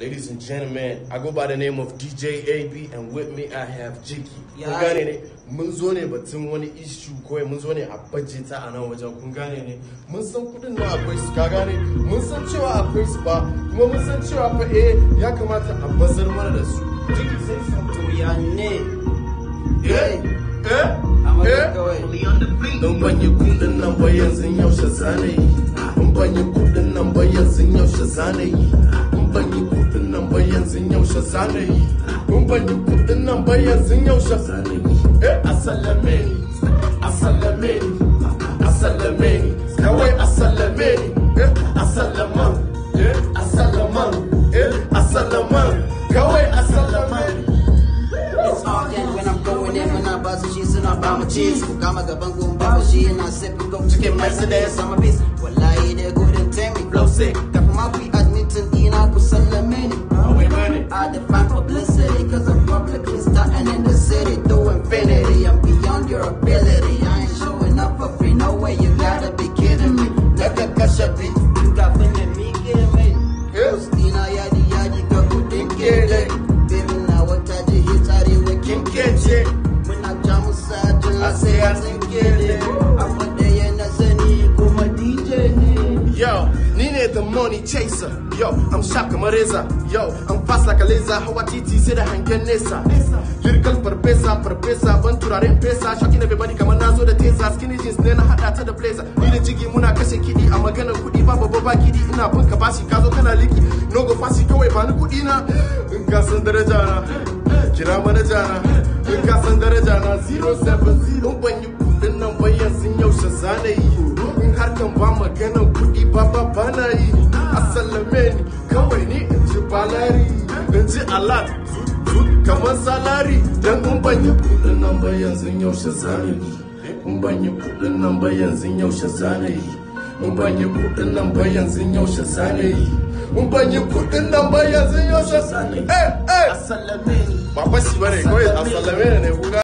Ladies and gentlemen, I go by the name of DJ AB and with me I have Jiki. Kun gane ne? Mun zo ne batun wani issue kawai mun zo ne a budget ta a nan wajen kun gane ne? Mun san kudin na akwai su ka gane? Mun san cewa akwai su ba kuma mun san cewa fa eh ya kamata a bazar mana da su. Jiki sai san to ya ne? Eh? Eh? eh? eh? Don ban yi kudin nan ba yanzu yaushe zane yi. Don ban kudin nan ba yanzu yaushe zane yi. kumbanyi kudin nan ba yanzu yaushe zane yi kumbanyi kudin nan ba yanzu yaushe zane yi eh a sallame ni a sallame ni I'm going in when I buzz and she's in our bomb cheese. Kama gaban gumbawa shi yana sipping go cikin I'm a beast. Wallahi da blow sick. I define publicity, cause I'm publicly starting in the city through infinity. I'm beyond your ability. I ain't showing up for free, no way, you gotta be kidding me. Let the be money chaser. Yo, I'm sharp like razor. Yo, I'm fast like a laser. How I titi sai da hangen nesa. Lyrical farfesa, farfesa, ban turaren fesa. Shocking everybody kamar na zo da tesa. Skinny jeans ne na hada ta da blazer. Ni da jigi muna kashe kiɗi a maganar kuɗi ba babba ba Baba Ina bin ka bashi ka zo kana liki. No go fasi kawai banu ni kuɗi na. In ka san daraja na. Kira manaja na. In ka san daraja na. 070 ban yi kuɗin nan bayan sun In same ni kawai ni in ji balari in ji alat kamar salari dan in ban kudin nan ba yanzu yaushe zane ni in ban kudin nan ba yanzu yaushe zane yi in ban kudin nan ba yanzu yaushe zane yi in ban yi kudin nan ba yanzu yaushe zane eh eh asallame ni ba shi bane kawai asallame ne kuka